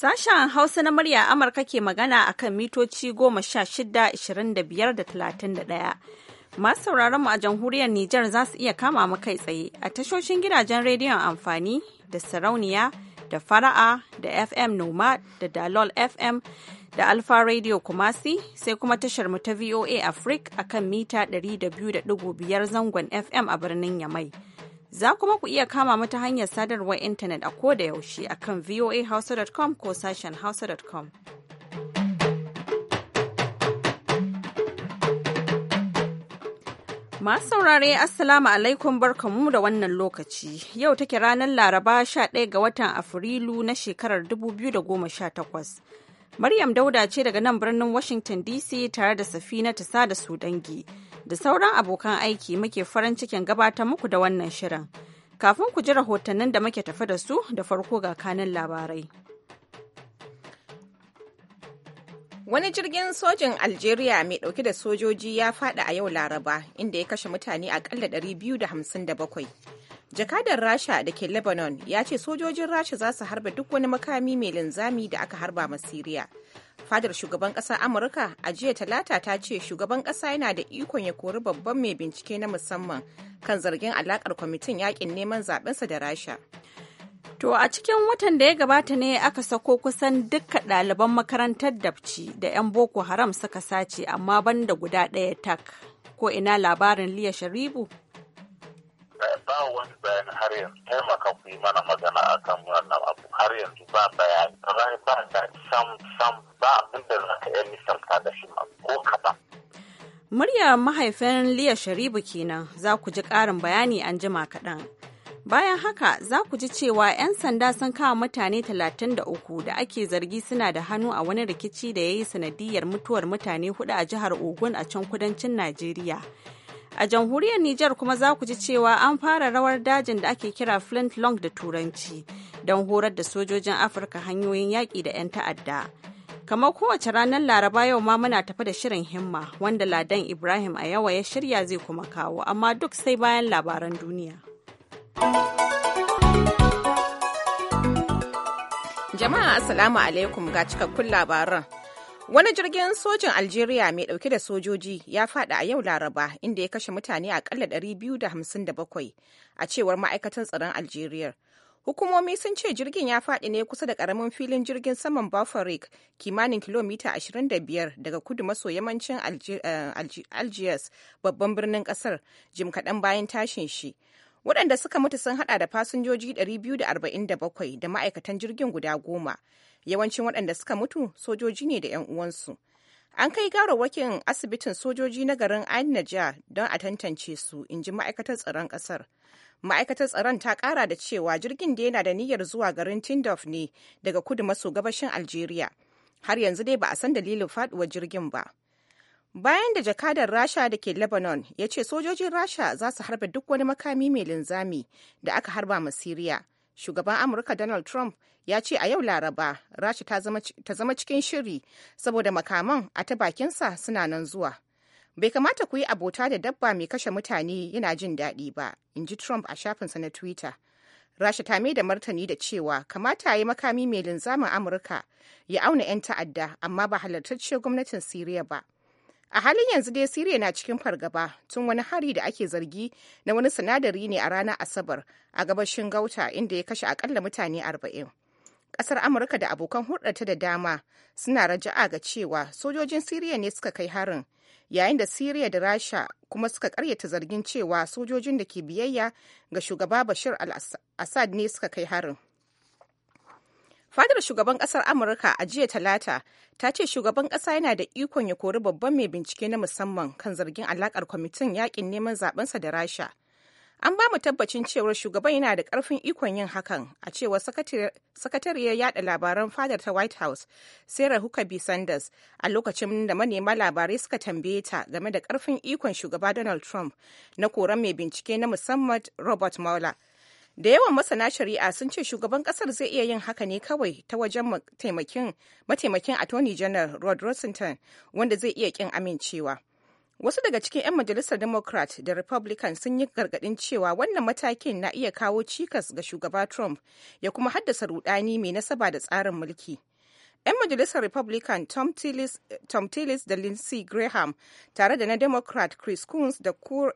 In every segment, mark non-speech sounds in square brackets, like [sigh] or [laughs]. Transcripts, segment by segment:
Sashen Hausa na murya Amurka ke magana a kan mitoci goma sha shida, ishirin da biyar da talatin da ɗaya. Masu sauraron mu a jamhuriyar Nijar za su iya kama mu kai tsaye a tashoshin gidajen rediyon amfani da sarauniya da fara'a da FM Noma da Dalol FM da Alfa Radio Kumasi sai kuma tashar mu ta VOA Africa a kan mita 200.5 zangon FM a birnin Yamai. Za kuma ku iya kama mu ta hanyar sadarwar intanet a ko da yaushe a kan voahausa.com ko sashen hausa.com. Masu saurare Assalamu alaikum barkamu da wannan lokaci. Yau take ranar Laraba 11 ga watan Afrilu na shekarar 2018. Maryam Dauda ce daga nan birnin Washington DC tare da Safina ta da su dangi. da sauran abokan aiki muke farin cikin gabatar muku da wannan shirin. Kafin ku ji rahotannin da muke tafi da su da farko ga kanin labarai. Wani jirgin sojin Algeria mai ɗauke da sojoji ya faɗa a yau Laraba inda ya kashe mutane akalla 257. jakadar rasha da ke lebanon ya ce sojojin rasha za su harba duk wani makami mai linzami da aka harba ma siriya fadar shugaban ƙasar amurka a jiya talata ta ce shugaban ƙasa yana da ikon ya kori babban mai bincike na musamman kan zargin alakar kwamitin yakin neman zaɓensa da rasha To a cikin watan da ya gabata ne aka sako kusan dukkan ɗaliban makarantar dabci da 'yan Boko Haram suka sace amma banda guda ɗaya tak. Ko ina labarin Liya Sharibu ba wani bayani har yanzu taimaka ku yi mana magana a kan wannan abu har yanzu ba bayani rai ba da sam sam ba abin da za ka iya misalta da shi ko kaɗan. Murya mahaifin Liya Sharibu kenan za ku ji ƙarin bayani an jima kaɗan. Bayan haka za ku ji cewa 'yan sanda sun kama mutane 33 da ake zargi suna da hannu a wani rikici da ya yi sanadiyar mutuwar mutane hudu a jihar Ogun a can kudancin Najeriya. A jamhuriyar Nijar kuma za ku ji cewa an fara rawar dajin da ake kira Flint Long da Turanci don horar da sojojin Afirka hanyoyin yaƙi da 'yan ta'adda. Kamar kowace ranar Laraba yau ma muna tafi da shirin himma wanda Ladan Ibrahim a yawa ya shirya zai kuma kawo amma duk sai bayan labaran duniya. Jama'a Assalamu alaikum ga cikakkun labaran. Wani jirgin sojin Algeria mai dauke da sojoji ya fada a yau Laraba inda ya kashe mutane a akalla 257 a cewar ma'aikatan tsaron Algeria. Hukumomi sun ce jirgin ya fadi ne kusa da ƙaramin filin jirgin saman Bafarik kimanin kilomita 25 daga kudu maso yamancin eh, Algiers babban birnin kasar jim kaɗan bayan tashin shi. waɗanda suka mutu sun hada da fasinjoji 247 da ma'aikatan jirgin guda goma yawancin waɗanda suka mutu sojoji ne da 'yan uwansu an kai gawarwakin asibitin sojoji na garin ainihin don a tantance su in ji ma'aikatar tsaron ƙasar ma'aikatar tsaron ta ƙara da cewa jirgin da yana da niyyar zuwa garin tindof ne daga kudu maso gabashin algeria har yanzu dai ba a san dalilin faduwar jirgin ba bayan da jakadar rasha da ke lebanon ya ce sojojin rasha za su harba duk wani makami mai linzami da aka harba ma siriya shugaban amurka donald trump ya ce a yau laraba rasha ta zama cikin shiri saboda makaman a ta bakinsa suna nan zuwa bai kamata ku yi abota da dabba mai kashe mutane yana jin daɗi ba in ji trump a shafinsa na twitter rasha ta mai da martani da cewa kamata ya yi makami mai linzamin amurka ya auna 'yan ta'adda amma ba halartacciyar gwamnatin siriya ba A halin yanzu dai Siriya na cikin fargaba tun wani hari da ake zargi na wani sinadari ne a ranar Asabar a gabashin Gauta inda ya kashe akalla mutane arba'in. Kasar Amurka da abokan hurɗata da dama suna raja'a ga cewa sojojin Siriya ne suka kai harin yayin da Siriya da Rasha kuma suka karyata zargin cewa sojojin da ke biyayya ga shugaba Bashir al-Assad ne suka kai harin. Fadar shugaban kasar Amurka a jiya Talata ta ce shugaban kasa yana da ikon ya kori babban mai bincike na musamman kan zargin alakar kwamitin yakin neman zabensa da Rasha. An ba mu tabbacin cewar shugaban yana da karfin ikon yin hakan a cewar sakatariyar yada labaran fadar ta White House Sarah Huckabee Sanders a lokacin da manema labarai suka tambaye ta game da karfin ikon shugaba Donald Trump na koran mai bincike na musamman Robert Mueller da yawan masana shari'a sun ce shugaban kasar zai iya yin haka ne kawai ta wajen mataimakin attorney general rod rosenthal wanda zai iya kin amincewa wasu daga cikin 'yan majalisar democrat da republican sun yi gargadin cewa wannan matakin na iya kawo cikas ga shugaba trump ya kuma haddasa rudani mai nasaba da tsarin mulki. 'Yan majalisar Republican Tom Tillis, da Lindsey Graham tare da na Democrat Chris Coons da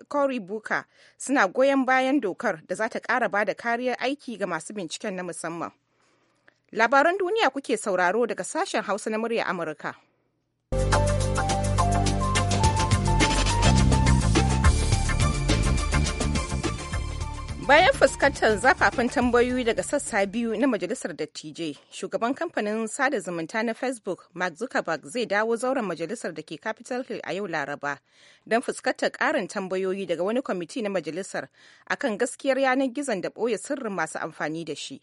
Cory Booker suna goyon bayan dokar da za ta ƙara ba da kariyar aiki ga masu binciken na musamman. Labaran duniya kuke sauraro daga sashen Hausa na murya Amurka. Bayan fuskantar zafafin tambayoyi daga sassa biyu na Majalisar Dattijai, shugaban kamfanin sada zumunta na Facebook, Mark Zuckerberg zai dawo zauren majalisar da ke Capitol Hill a yau Laraba don fuskantar ƙarin tambayoyi daga wani kwamiti na majalisar akan gaskiyar yanar gizon da ɓoye sirrin masu amfani da shi.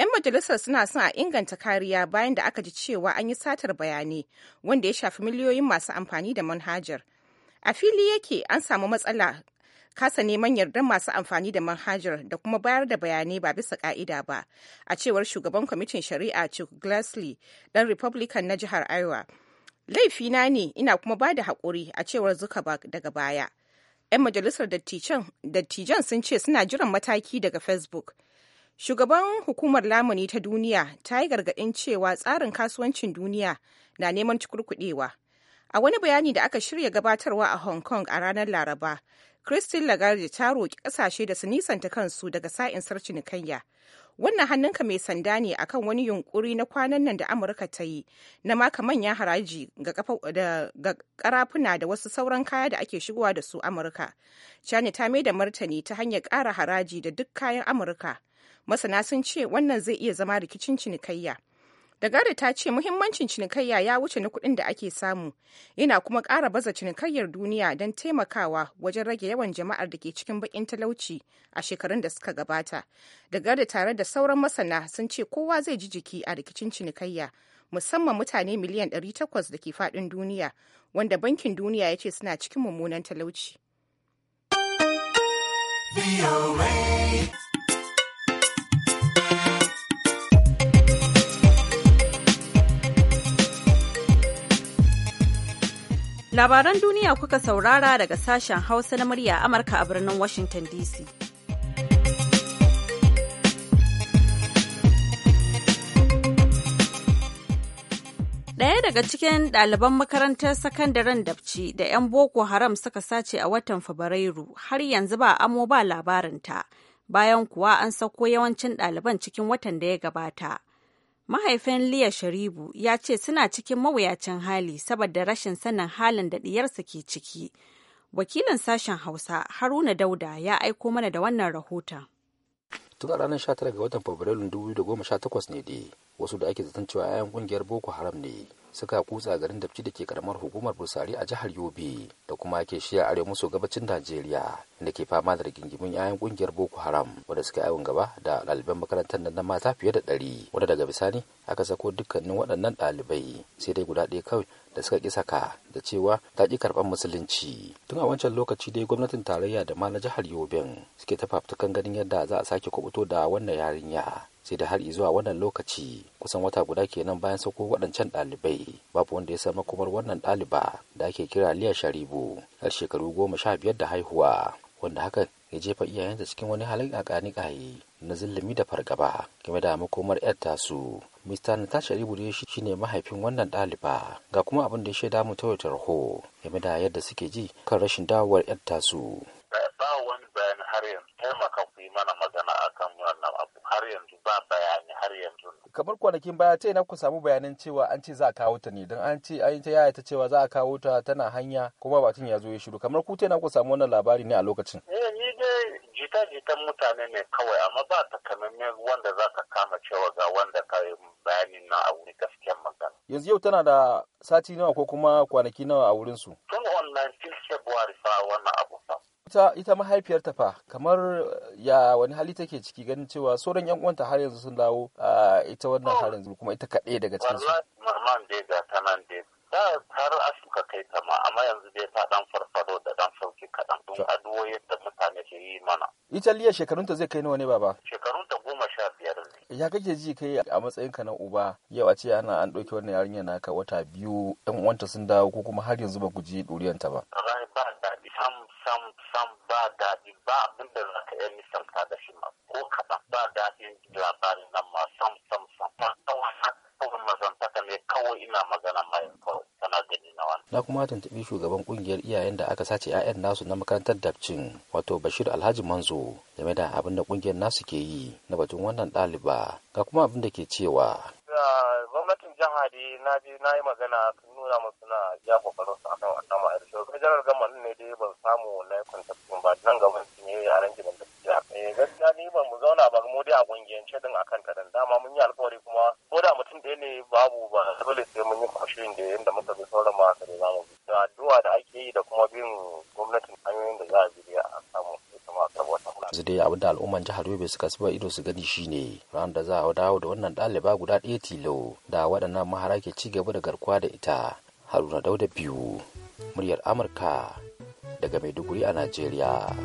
'Yan majalisar suna son a inganta kariya bayan da aka ji cewa an yi satar bayanai wanda ya shafi miliyoyin masu amfani da manhajar. a fili yake an samu matsala kasa neman yardar masu amfani da manhajar da kuma bayar da bayanai ba bisa ka'ida ba a cewar shugaban kwamitin shari'a chuck glassley dan republican na jihar iowa laifina ne ina kuma ba da haƙuri a cewar zuckerberg daga baya 'yan majalisar dattijan sun ce suna jiran mataki daga facebook shugaban hukumar lamuni ta duniya ta yi gargaɗin cewa tsarin kasuwancin duniya na neman cikurkuɗewa A wani bayani da aka shirya gabatarwa a Hong Kong a ranar Laraba, Christine Lagarde ta roƙi ƙasashe da su nisanta kansu daga sa'in sa'insar cinikayya. Wannan hannunka mai sanda ne akan wani yunƙuri na kwanan nan da Amurka ta yi na maka manyan haraji ga ƙarafuna da wasu sauran kaya da ake shigowa da su Amurka. China ta mai da martani ta hanyar ƙara haraji da duk kayan Amurka. Masana sun ce wannan zai iya zama rikicin cinikayya. Dagara ta ce muhimmancin cinikayya ya wuce na kuɗin da ake samu, yana kuma ƙara baza cinikayyar duniya don taimakawa wajen rage yawan jama'ar da ke cikin baƙin talauci a shekarun da suka gabata. Dagara tare da sauran masana sun ce kowa zai ji jiki a rikicin cinikayya, musamman mutane miliyan 800 da ke faɗin duniya, wanda Bankin Duniya ya ce suna cikin mummunan talauci. Labaran duniya kuka saurara daga sashen Hausa na murya Amurka a birnin Washington DC. Ɗaya daga cikin ɗaliban makarantar sakandaren Dabci da 'yan Boko Haram suka sace a watan Fabrairu har yanzu ba amo ba labarinta, bayan kuwa an sauko yawancin ɗaliban cikin watan da ya gabata. Mahaifin Liya Sharibu ya ce suna cikin mawuyacin hali saboda rashin sanin halin da ɗiyarsa ke ciki. Wakilin sashen Hausa Haruna Dauda ya aiko mana da wannan rahoton. tun a ranar 19 ga watan fabrairu 2018 ne dai wasu da ake zaton cewa 'ya'yan kungiyar boko haram ne suka kutsa garin dabci da ke karamar hukumar busari a jihar yobe da kuma ke shiya arewa maso gabacin najeriya da ke fama da rigingimin 'ya'yan kungiyar boko haram wadda suka aiwon gaba da ɗaliban makarantar nan na mata fiye da ɗari wadda daga bisani aka sako dukkanin waɗannan ɗalibai sai dai guda ɗaya kawai da suka ƙi saka da cewa ta ƙi karɓar musulunci tun a wancan lokaci dai gwamnatin tarayya da ma na jihar yobe suke ta fafutukan ganin yadda za a sake kubuto da wannan yarinya sai da har zuwa wannan lokaci kusan wata guda kenan bayan sauko waɗancan ɗalibai babu wanda ya san makomar wannan ɗaliba da ake kira liya sharibu har shekaru goma sha biyar da haihuwa wanda hakan ya jefa iyayenta cikin wani halin ƙaƙani ƙaye na zillumi da fargaba game da makomar yar tasu mista natasha ribu da shi ne mahaifin wannan ɗaliba ga kuma abin da ya shaida mu ta wata raho game da yadda suke ji kan rashin dawowar yar tasu ba wani bayan har yanzu taimaka ku yi mana magana akan wannan abu har yanzu ba bayani har yanzu kamar kwanakin baya ce na ku samu bayanin cewa an ce za a kawo ta ne don an ce an ta yaya ta cewa za a kawo ta tana hanya kuma batun ya zo ya shiru kamar ku ce na ku samu wannan labari ne a lokacin eh ni dai jita-jitan mutane ne kawai amma ba kamanne wanda za ka kama cewa ga wanda ka yi bayanin na a wuri gaskiyar magana yanzu yau tana da sati nawa ko kuma kwanaki nawa a wurin su tun on 19 february fa wannan abu fa ita ita mahaifiyarta fa kamar eh, ya wani hali take ciki ganin cewa sauran yan uwanta har yanzu sun dawo ah, ita wannan har yanzu kuma ita kaɗai daga cikin su mamman dai ga ta nan dai da har asuka kai ta ma amma yanzu dai ta dan farfado da dan sauki kaɗan don aduwo yadda mutane ke yi mana ita liya shekarunta zai kai nawa wani baba shekarunta goma sha biyar ne ya kake ji kai a matsayinka na uba yau a ce ana an ɗauki wannan yarinya naka wata biyu yan uwanta sun dawo ko kuma har yanzu ba ku je ɗuriyanta ba ah, na kuma tuntuɓi shugaban kungiyar iyayen da aka sace 'ya'yan nasu na makarantar dabcin wato bashir alhaji manzo game da abin da kungiyar nasu ke yi na batun wannan ɗaliba ga kuma abin da ke cewa gwamnatin jiha dai na je na yi magana sun nuna mu suna ya kokarin su akan wannan ma'aikata shugaban jiran gama ne dai ban samu na yi kwanta ba nan gaban su ne a ran hukumar jihar Yobe suka zuba ido su gani shine ran da za a dawo da wannan ɗaliba guda ɗaya tilo da waɗannan mahara ke ci gaba da garkuwa da ita Haruna Dauda biyu muryar Amurka daga Maiduguri a Najeriya.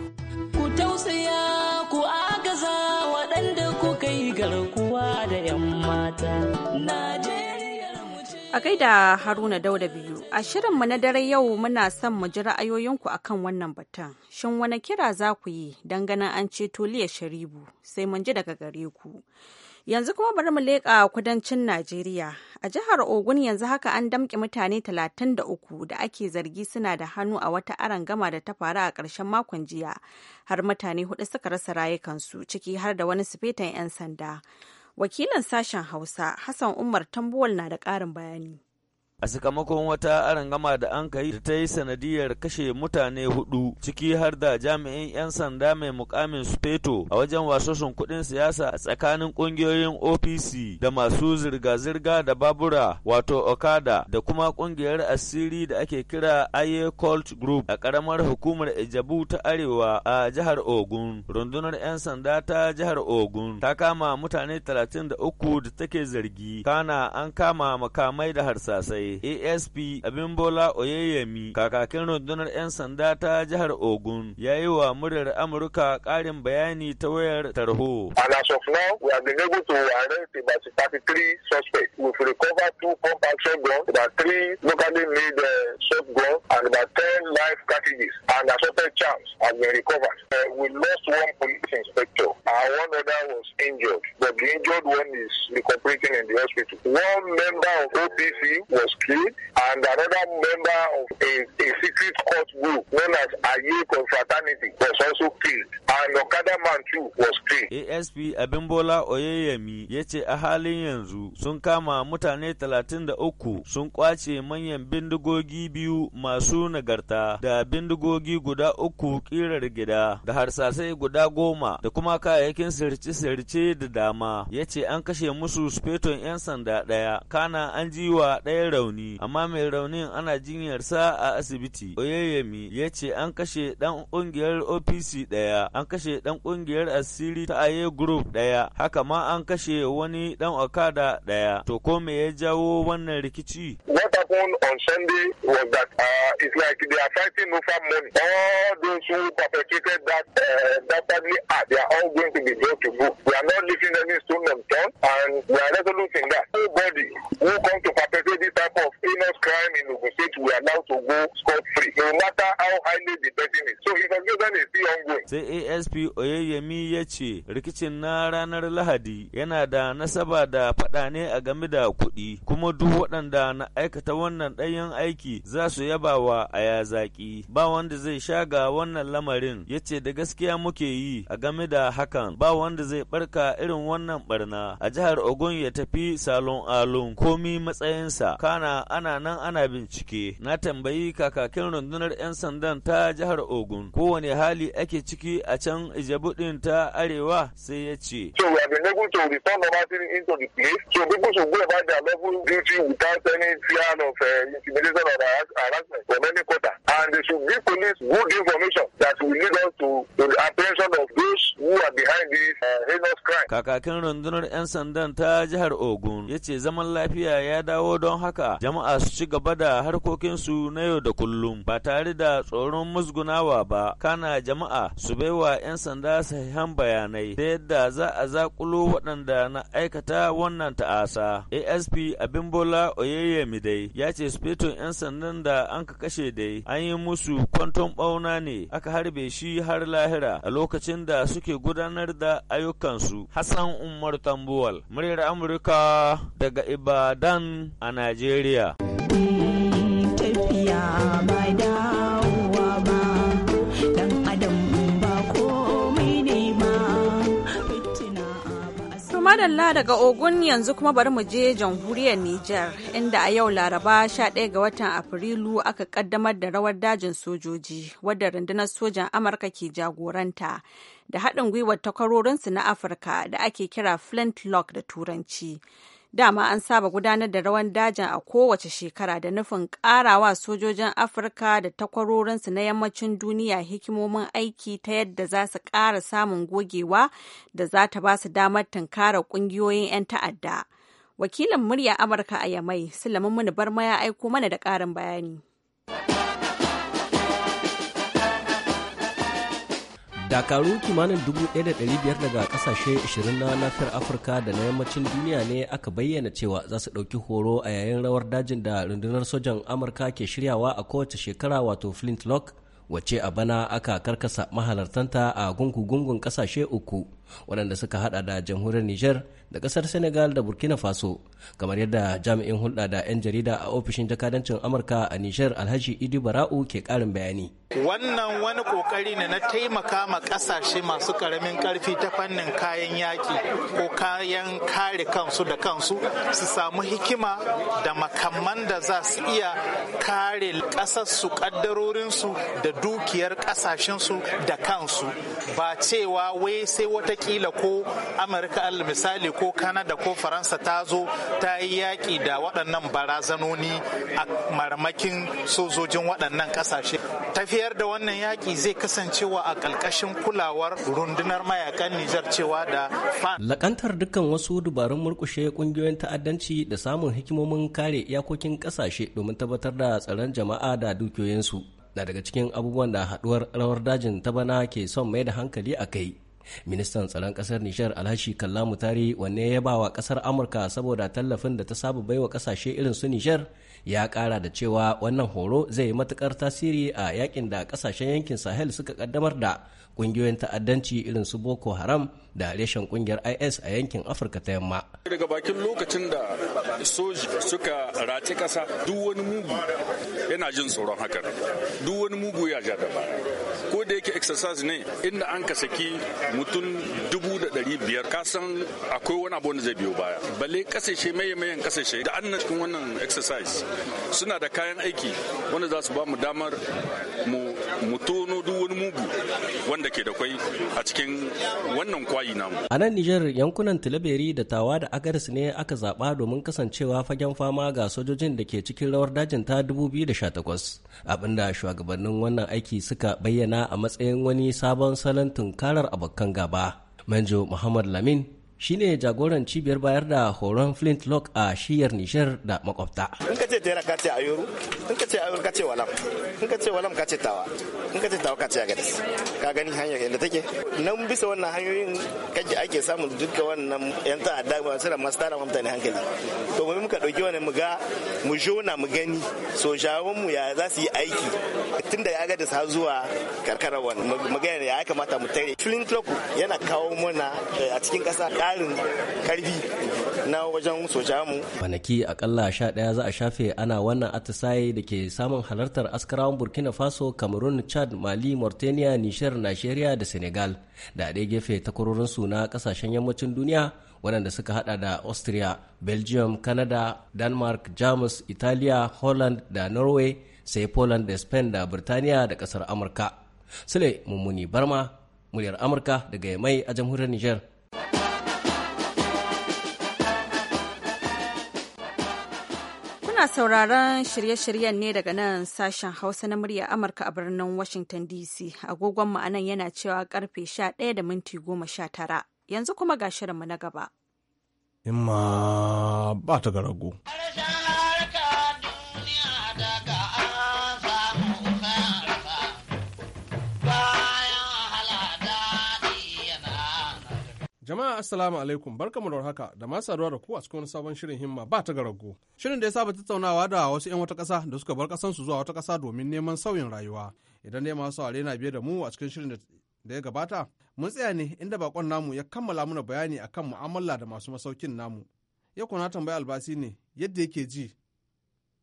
Ku tausaya ku agaza waɗanda ku garkuwa da 'yan mata. A gaida Haruna Dauda biyu, a shirinmu na dare yau muna son mu ji ra'ayoyinku akan wannan batun. Shin wani kira za ku yi don ganin an ceto Liya Sharibu sai mun ji daga gare ku. Yanzu kuma bari mu leƙa kudancin Najeriya. A jihar Ogun yanzu haka an damƙe mutane talatin da uku da ake zargi suna da hannu a wata gama da ta faru a ƙarshen makon jiya. Har mutane hudu suka rasa rayukansu ciki har da wani sufetan 'yan sanda. Wakilin sashen Hausa Hassan Umar Tambuwal na da ƙarin bayani. a sakamakon wata arangama da an kai da ta yi sanadiyar kashe mutane hudu ciki har da jami'in 'yan sanda mai mukamin speto a wajen wasoshin kudin siyasa a tsakanin kungiyoyin opc da masu zirga-zirga da babura wato okada da kuma kungiyar asiri da ake kira aye cult group a karamar hukumar ijabu ta arewa a jihar ogun rundunar 'yan sanda ta jihar ogun ta kama mutane 33 da take zargi kana an kama makamai da harsasai ASP Abimbola Oyeyemi, kakakin rundunar 'yan sanda ta jihar Ogun, ya yi wa muryar Amurka karin bayani ta wayar tarho. And as of now, we have been able to arrest about 33 suspects. We've recovered two pump action guns, about three locally made uh, shotguns, and about 10 live cartridges. And assorted charms have been recovered. Uh, we lost one police inspector, and one other was injured. But the injured one is recuperating in the hospital. One member of OPC was Key, and another member of a, a secret court group known as Aye Confraternity was also killed, and Okada man too was killed. ASP Abimbola Oyeyemi ya ce a halin yanzu sun kama mutane 33 sun kwace manyan bindigogi biyu masu nagarta da bindigogi guda uku kirar gida da harsasai guda goma da kuma kayayyakin sirce-sirce da dama ya ce an kashe musu speton 'yan sanda ɗaya kana an ji wa ɗaya rauni rauni amma mai raunin ana jinyarsa a asibiti oyeyemi ya ce an kashe dan kungiyar opc daya an kashe dan kungiyar asiri ta aye group daya haka ma an kashe wani dan okada daya to ko me ya jawo wannan rikici happened on Sunday was that uh, it's like they are fighting over money. All those who perpetrated that uh, that family act, ah, they are all going to be brought to book. We are not leaving any stone unturned, and we are resolute in that. Nobody who come to perpetrate this type of heinous crime in Ogun State, we are allowed to go scot free, no matter how highly the person is. So a investigation is still ongoing. say ASP Oyeyemi ya ce rikicin na ranar Lahadi yana da nasaba da faɗa ne a game da kuɗi kuma duk waɗanda na aikata wannan ɗanyen aiki za su yaba wa a ya zaƙi ba wanda zai shaga wannan lamarin ya ce da gaskiya muke yi a game da hakan ba wanda zai barka irin wannan barna a jihar ogun ya tafi salon alon komi matsayinsa kana ana nan ana bincike na tambayi kakakin rundunar 'yan sandan ta jihar ogun kowane hali ake ciki a can ijabudin ta arewa sai ya ce of uh, intimidation or harassment from any quarter. and they should give police good information that will lead us to, the apprehension of those who are behind this uh, heinous crime. Kakakin rundunar 'yan sandan ta jihar Ogun ya ce zaman lafiya ya dawo don haka jama'a su ci gaba da harkokinsu na yau da kullum ba tare da tsoron musgunawa ba kana jama'a su baiwa 'yan sanda sahihan bayanai ta yadda za a zakulo waɗanda na aikata wannan ta'asa. ASP Abimbola Oyeyemi dai ya ce sufetun 'yan sandan da an ka kashe dai an yi musu kwanton ɓauna ne aka harbe shi har lahira a lokacin da suke gudanar da ayyukansu. Hassan Umar Tambuwal, muryar Amurka daga Ibadan a Najeriya. madalla daga ogun yanzu kuma bari mu je jamhuriyar Nijar inda a yau laraba 11 ga watan Afrilu aka kaddamar da rawar dajin sojoji wadda rundunar sojan Amurka ke jagoranta da haɗin gwiwar takwarorinsu na Afirka da ake kira Flintlock da Turanci. dama an saba gudanar da rawan dajin a kowace shekara da nufin karawa sojojin afirka da takwarorinsu na yammacin duniya hikimomin aiki ta yadda za su ƙara samun gogewa da za ta ba su damar tunkara ƙungiyoyin 'yan ta'adda wakilin murya amurka a yamai sulaiman muni barma ya aiko mana da ƙarin bayani dakaru kimanin 1,500 daga kasashe 20 na nafiyar afirka da na yammacin duniya ne aka bayyana cewa za su ɗauki horo a yayin rawar dajin da rundunar sojan amurka ke shiryawa a kowace shekara wato flintlock wacce a bana aka karkasa mahalartanta a gungu-gungun kasashe uku waɗanda suka hada da jamhuriyar Nijar da ƙasar Senegal da Burkina Faso kamar yadda jami'in hulɗa da 'yan jarida a ofishin jakadancin Amurka a Nijar Alhaji Idi Bara'u ke ƙarin bayani. Wannan wani kokari ne na taimaka ma ƙasashe masu ƙaramin ƙarfi ta fannin kayan yaki ko kayan kare kansu da kansu su samu hikima da makamman da za su iya kare ƙasarsu ƙaddarorinsu da dukiyar ƙasashensu da kansu ba cewa wai sai wata watakila ko amurka al misali ko kanada ko faransa ta zo ta yi yaƙi da waɗannan barazanoni a marmakin sojojin waɗannan ƙasashe tafiyar da wannan yaƙi zai kasancewa a ƙalƙashin kulawar rundunar mayakan nijar cewa da fan lakantar dukkan wasu dubarun murƙushe ƙungiyoyin ta'addanci da samun hikimomin kare iyakokin ƙasashe domin tabbatar da tsaron jama'a da dukiyoyinsu na daga cikin abubuwan da haduwar rawar dajin ta bana ke son mai da hankali a kai ministan tsaron kasar nijar alhashi kalla mutari wanne ya ba wa kasar amurka saboda tallafin da ta saba baiwa kasashe irin su nijar ya kara da cewa wannan horo zai yi matukar tasiri a yakin da kasashen yankin sahel suka kaddamar da ƙungiyoyin ta'addanci irin su boko haram da reshen kungiyar is a yankin afirka ta yamma daga bakin lokacin da soji suka race kasa duk wani mugu yana jin tsoron haka duk wani mugu ya ja da baya ko da yake exercise ne inda an ka saki mutum dubu da ɗari biyar kasan akwai wani abu wanda zai biyo baya bale kasashe maye mayan kasashe da annan cikin wannan exercise suna da kayan aiki wanda za su ba mu damar mu tono duk wani mugu wanda ke da kwai a cikin wannan kwayo ra'ayi a nan Nijar yankunan Tilaberi da Tawa da Agaris ne aka zaɓa domin kasancewa fagen fama ga sojojin da ke cikin rawar dajin ta 2018 abinda shugabannin wannan aiki suka bayyana a matsayin wani sabon salon tunkarar abokan gaba Manjo Muhammad Lamin shine jagoran cibiyar bayar da horon flintlock a shiyar nishar da makwabta in ka ce tera ka ce yoru in ka ce yoru ka ce walam in ka ce walam ka ce tawa in ka ce tawa ka ce agadis ka gani hanyar yadda take nan bisa wannan hanyoyin kaji ake samun duka wannan yan ta'adda ba su da masu tara mutane hankali to mu muka dauki wani mu ga mu jona mu gani so shawon mu ya za su yi aiki tun da agadis sa zuwa karkarar wani mu ya kamata mu tare flintlock yana kawo mana eh, a cikin kasa ƙarin karfi na wajen mu. Kwanaki akalla sha ɗaya za a shafe ana wannan atisaye da ke samun halartar askarawan Burkina Faso, Cameroon, Chad, Mali, Mauritania, Nishar, Nigeria da Senegal. Da ɗaya gefe takwarorinsu na ƙasashen yammacin duniya waɗanda suka hada da Austria, Belgium, Canada, Denmark, Jamus, Italiya, Holland da Norway, sai Poland da Spain da Birtaniya da kasar Amurka. Sule Mummuni Barma, muryar Amurka daga mai a jamhuriyar niger. sauraron shirye-shiryen ne daga nan sashen Hausa na murya Amurka a birnin Washington DC. Agogon mu anan yana cewa karfe 11 da minti 19. Yanzu kuma ga shirinmu na gaba. In ma ba ta garago. Jama'a assalamu alaikum barkamu da haka da masu saduwa da ku a cikin sabon shirin himma ba ta garago. Shirin da ya saba tattaunawa da wasu 'yan wata ƙasa da suka bar ƙasansu zuwa wata ƙasa domin neman sauyin rayuwa. Idan dai masu saurare na biye da mu a cikin shirin da ya gabata, mun tsaya ne inda bakon namu ya kammala mana bayani akan mu'amala da masu masaukin namu. Ya kuna tambaya albasi ne yadda yake ji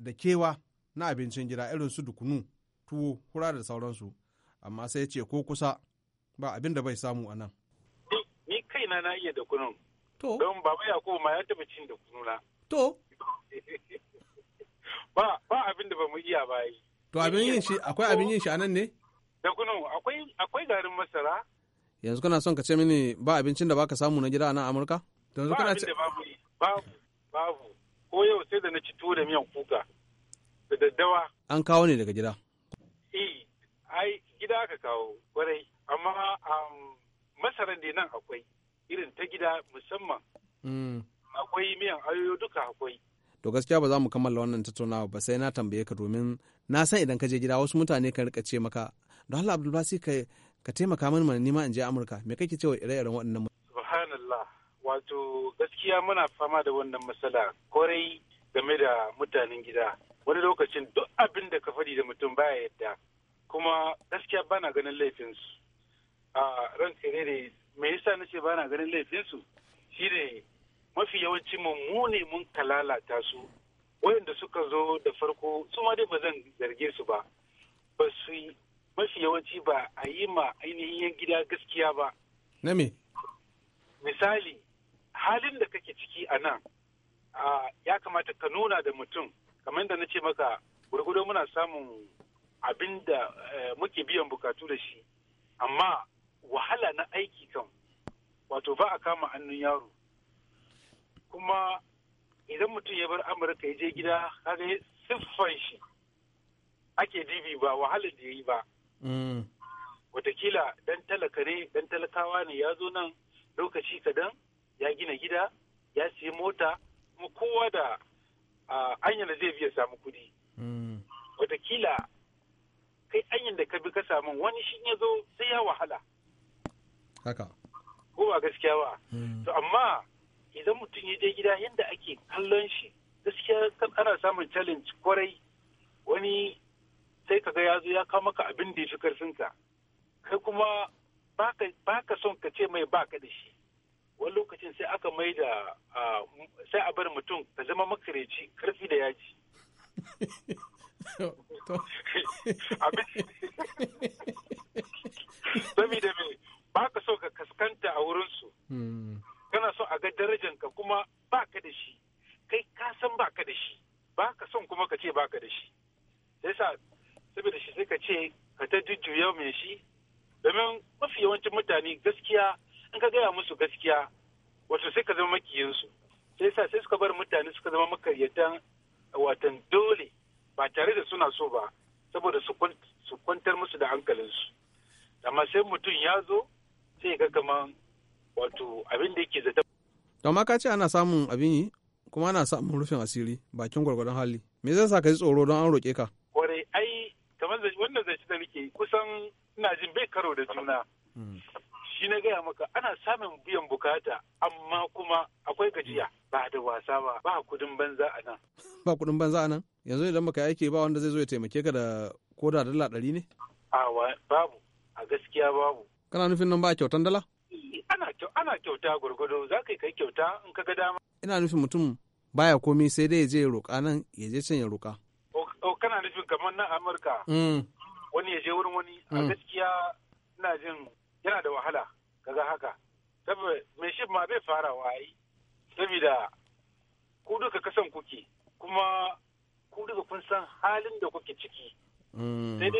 da kewa na abincin gida irin su dukunu, tuwo, hura da sauransu. Amma sai ya ce ko kusa ba abin da bai samu a nan. na na iya da kunun. To. Don baba Yakubu ma ya taɓa cin da kununa. To. [laughs] Ba ba abin da ba mu iya ba yi. To abin yin shi akwai abin yin shi anan ne? Da kunun akwai akwai garin masara. Yanzu kana son ka ce mini ba abincin da baka samu na gida a nan Amurka? Ba kana ce babu babu babu ko yau sai da na ci tuwo da miyan kuka da daddawa. An kawo ne daga gida. Eh, ai gida aka kawo kwarai amma um, masarar da nan akwai irin ta gida musamman mm. akwai miyan ayoyo duka akwai to gaskiya ba za mu kammala wannan tattaunawa ba sai na tambaye ka domin na san idan ka je gida wasu mutane kan rika ce maka don Allah Abdulbasi ka ka taimaka mani mana nima in je Amurka me kake cewa ire-iren waɗannan subhanallah wato gaskiya muna fama da wannan matsala kwarai game da mutanen gida wani lokacin duk abin da ka faɗi da mutum baya yadda kuma gaskiya bana ganin laifinsu a ran ne me yasa na ce ba ganin laifinsu shine mafi yawanci mu ne mun kalalata su wayanda suka zo da farko su ma dai ba zan zarge su ba ba su yi mafi yawanci ba a yi ma ainihin yan gida gaskiya ba na me misali halin da kake ciki a nan ya kamata ka nuna da mutum kamar yadda na ce maka gurgudo muna samun abin da eh, muke biyan bukatu da shi amma wahala na aiki kan wato ba a kama hannun yaro kuma idan mutum ya bar amurka ya je gida kaga siffan shi ake dibi ba wahala da ya yi ba mm. watakila dan talakare dan talakawa ne ya zo nan lokaci kadan ya gina gida ya siya mota kuma kowa da anyan da zai biya samu kudi mm. watakila kai anyan da ka bi ka samu wani shi ya zo sai ya wahala haka ko ba gaskiya ba hmm. to amma idan mutum ya je gida yadda ake kallon shi gaskiya ana samun challenge kwarai wani sai kaga ya zo ya kawo maka abin da ya fi ka kai kuma baka son ka ce mai baka da shi wani lokacin sai aka mai da sai a bar mutum ka zama makareci karfi da yaji [laughs] [laughs] abin [laughs] da me ba ka so ka kaskanta a wurinsu hmm. kana so a ga darajanka kuma ba ka da shi kai ka san ba ka da shi ba ka son kuma ka ce ba ka da shi sai sa saboda shi sai ka ce ka ta jujjuya mai shi domin mafi yawancin mutane gaskiya in ka gaya musu gaskiya wato sai ka zama makiyinsu sai sa sai suka bar mutane suka zama makaryatan watan dole ba tare da suna so ba saboda su kwantar musu da hankalinsu amma sai mutum ya zo sai ga kaman wato abin da yake zata to ma ka ce ana samun abin yi kuma ana samun rufin asiri bakin gwargwadon hali me zai sa ka ji tsoro don an roke ka kware ai kamar wannan zance da nake kusan ina jin bai karo da juna hmm. shi na gaya maka ana samun biyan bukata amma kuma akwai gajiya ba da wasa ba ba kudin banza a nan [laughs] ba kudin banza a nan yanzu idan maka aiki ba wanda zai zo ya taimake ka da koda dala ɗari ne a babu a gaskiya babu kana nufin nan ba kyautan dala ana kyauta gwargwado za ka kai kyauta in ka ga dama ina nufin mutum baya komi sai dai ya je ya roƙa nan ya je can ya roƙa o kana nufin kamar na amurka mm. wani ya je wurin wani a mm. gaskiya ina jin yana da wahala kaga haka saboda mai shi ma bai fara wayi saboda ku duka kasan kuke kuma ku duka kun san halin da kuke ciki mm. sai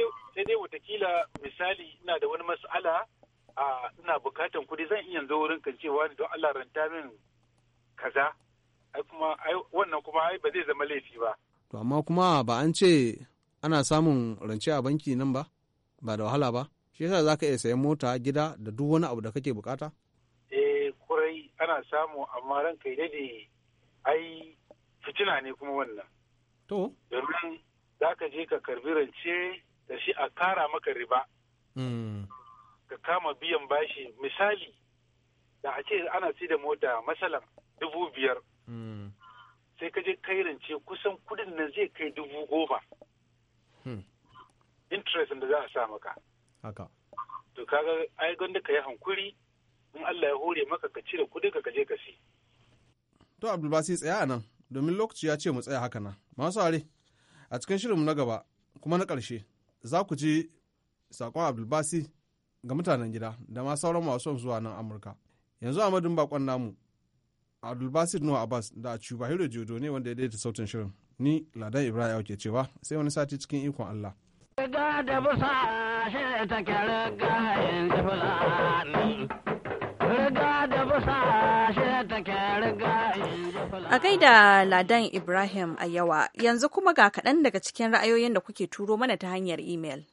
dai watakila misali ina da wani mas'ala a ina bukatan kuɗi zan iya zo wurin kan cewa don Allah ranta min kaza ai kuma ai wannan kuma ai ba zai zama laifi ba to amma kuma ba an ce ana samun rance a banki nan ba ba da wahala ba shi yasa zaka iya sayan mota gida da duk wani abu da kake bukata eh kurai ana samu amma kai dai ai fitina ne kuma wannan to domin zaka je ka karbi rance da shi a kara maka riba hmm. ka kama biyan bashi misali da a ce ana sai da mota masalan dubu biyar hmm. sai ka je kai rance kusan kudin nan zai kai dubu goma hmm. interest da za a sa maka haka to kaga ai gwanda ka yi hankuri in Allah ya hore maka ka cire kudin ka je ka si to Abdulbasi tsaya nan domin lokaci ya ce mu tsaya haka nan masu are a cikin shirinmu na gaba kuma na karshe za ku ji saƙon Abdulbasi ga mutanen gida da ma sauran masu zuwa nan amurka yanzu a madin bakon namu abdulbasir nuwa abbas da cuba hiro jodo ne wanda ya daidaita sautin shirin ni ladan ibrahim ke cewa sai wani sati cikin ikon allah Riga da busa shi riga Riga da busa shi riga A gaida Ladan Ibrahim a yawa, yanzu kuma ga kaɗan daga cikin ra'ayoyin da kuke turo mana ta hanyar imel.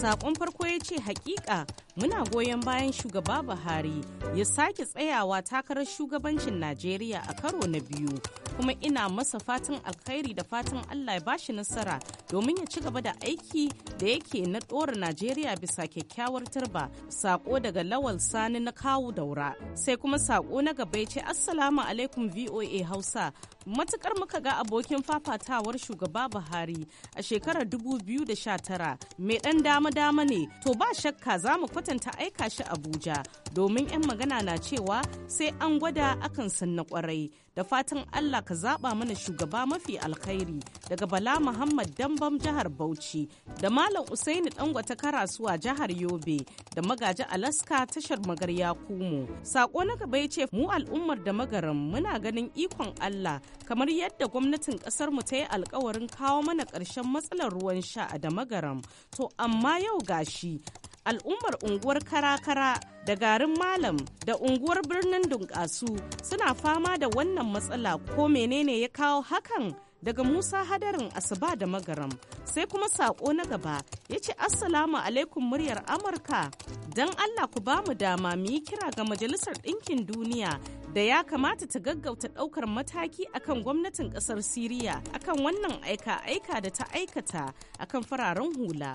saƙon farko ya ce hakika muna goyon bayan shugaba buhari ya sake tsayawa takarar shugabancin najeriya a karo na biyu kuma ina masa fatan alkhairi da fatan allah ya bashi nasara domin ya ci gaba da aiki da yake na ɗora najeriya bisa kyakkyawar turba sako daga lawal sani na kawu daura sai kuma sako na gaba ce assalamu alaikum voa hausa matukar muka ga abokin fafatawar shugaba buhari a shekarar 2019 mai dan dama-dama ne to ba shakka za mu kwata ta aika shi Abuja domin 'yan magana na cewa sai an gwada akan sanna kwarai da fatan Allah ka zaba mana shugaba mafi alkhairi daga Bala Muhammad Dambam jihar Bauchi da Malam Usaini Dangwata Karasuwa jihar Yobe da Magaji Alaska tashar Magarya Yakumo. Sako na gaba ya ce mu al'ummar da magaran muna ganin ikon Allah kamar yadda gwamnatin kasar mu ta yi alkawarin kawo mana ƙarshen matsalar ruwan sha a da magaram to amma yau gashi al'ummar unguwar karakara da garin malam da unguwar birnin dunkasu suna fama da wannan matsala ko menene ya kawo hakan daga musa hadarin asuba da magaram sai kuma sako na gaba ya ce assalamu alaikum muryar amurka don allah ku ba mu dama mu yi kira ga majalisar ɗinkin duniya da ya kamata ta gaggauta ɗaukar mataki akan gwamnatin ƙasar siriya akan wannan aika-aika da ta aikata akan fararen hula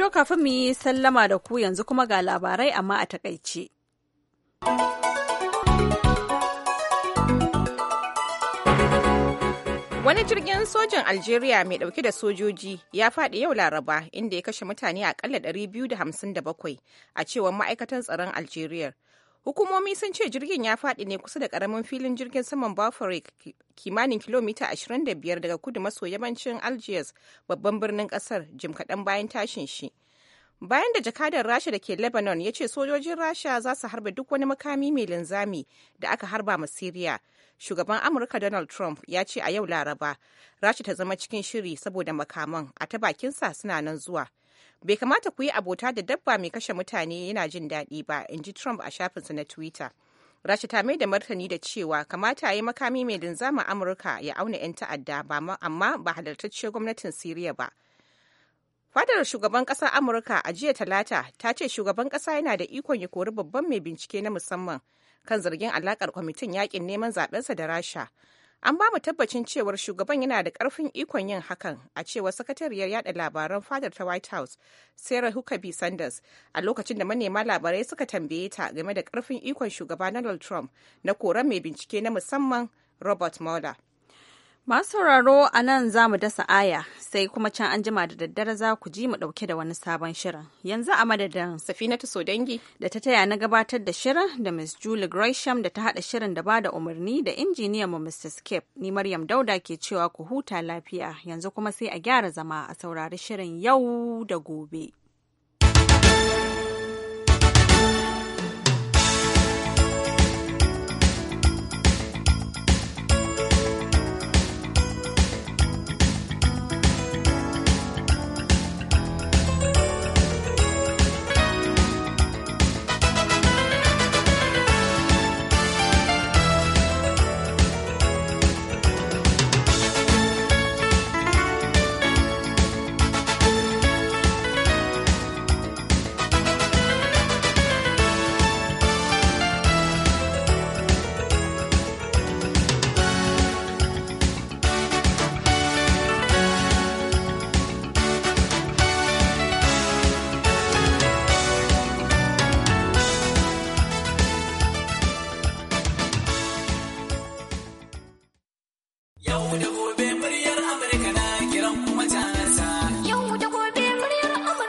To kafin mu yi sallama da ku yanzu kuma ga labarai amma a takaice. Wani jirgin sojin Algeria mai dauke da sojoji ya faɗi yau Laraba inda ya kashe mutane akalla 257 a cewar ma'aikatan tsaron Algeria. Hukumomi sun ce jirgin ya faɗi ne kusa da ƙaramin filin jirgin saman Bafare kimanin kilomita 25 daga kudu maso yammacin Algiers babban birnin ƙasar jim kaɗan bayan tashin shi. Bayan da jakadar Rasha da ke Lebanon ya ce sojojin Rasha za su harba duk wani makami mai linzami da aka harba ma Siriya. Shugaban Amurka Donald Trump ya ce a yau Laraba, Rasha ta zama cikin shiri saboda makaman a ta bakinsa suna nan zuwa. bai kamata ku yi abota da dabba mai kashe mutane yana jin daɗi ba in ji trump a shafinsa na twitter rasha ta mai da martani da cewa kamata ya yi makami mai linzamin amurka ya auna 'yan ta'adda amma ba halartacce gwamnatin siriya ba fadar shugaban ƙasar amurka a jiya talata ta ce shugaban ƙasa yana da ikon ya kori babban mai bincike na musamman kan zargin alakar kwamitin yakin neman zaɓensa da rasha An ba mu tabbacin cewar shugaban yana da ƙarfin ikon yin hakan a cewar sakatariyar yada labaran fadar ta White House, Sarah Huckabee Sanders, a lokacin da manema labarai suka tambaye ta game da karfin ikon shugaba Donald Trump na koran mai bincike na musamman Robert Mueller. Masu sauraro a nan za mu dasa aya sai kuma can an jima da daddare za ku ji mu ɗauke da wani sabon shirin. Yanzu a madadin Safinatu Sodangi da ta taya na gabatar da shirin da Miss Julie Gresham da ta haɗa shirin da ba da umarni da injiniyan mu Mr. Skip. Ni Maryam Dauda ke cewa ku huta lafiya yanzu kuma sai a gyara zama a saurari shirin yau da gobe.